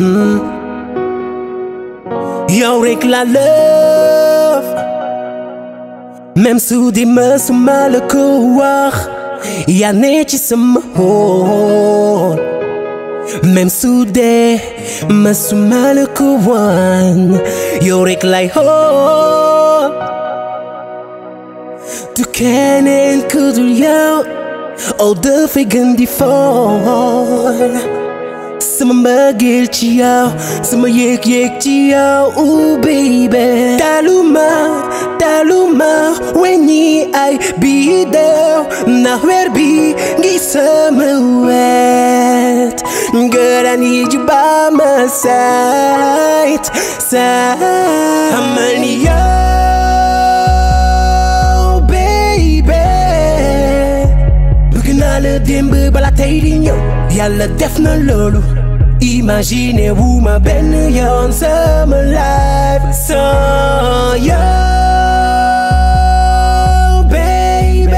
-hmm. Yow rek la lëf même su di ma su ma la ko wax yaa ne ci me xool même su dee ma su ma la ko wan yow rek lay xool du keneen ku dul yow oh gën di Să mă măgel ci iau Să mă iec, iec ci iau Ooh, baby Ta ta Taluma, When I be bideu Na Ghi să mă wet Girl, I need you by my side Side Amal yo Baby Bugün hala diyen bu bala teyrin yo Yalla defna lolu Imaginez Imagine m'a belle your summer life sans you, baby.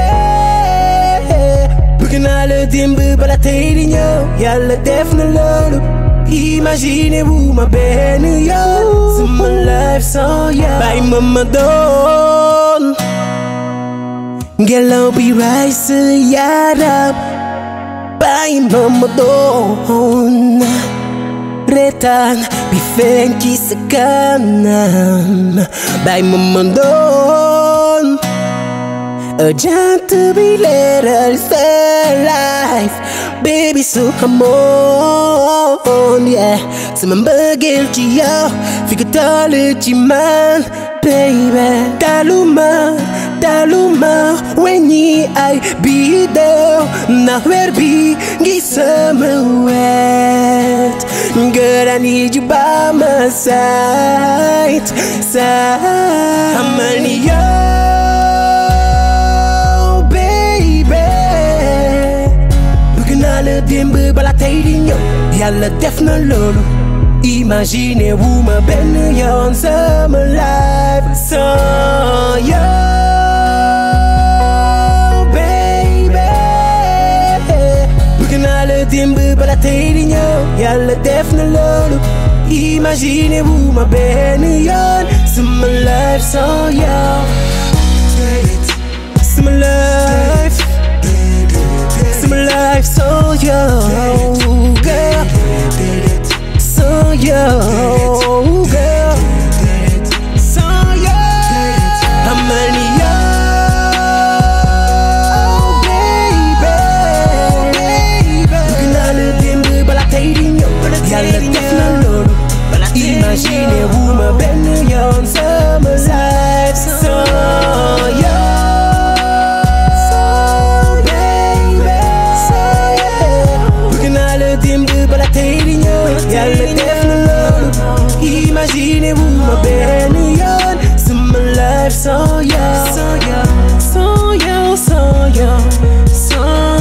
la télé la bala teyrin yo, yalla defne Imaginez Imagine m'a belle your summer life sans you. Bye mama don. Gelo bi rise yarab. bye mama don. retan Bifenki sa kanan Bay mamandon A giant to be later is life Baby so come on yeah Sa mambagil chiyo Fika tali chiman Baby Taluma Taluma Weni ay bidaw Na werbi Gisama way Girl, I need you by my side, side. I'm on yo, baby. all Bugün hala dembe balateydin yo. Yalla defne lolu. Imagine a woman ben yansa. septembre balateirigno Yalla def na loolu Imagine vous ma benn yoon Been young, so my life so young, so young, so young, so young, so young.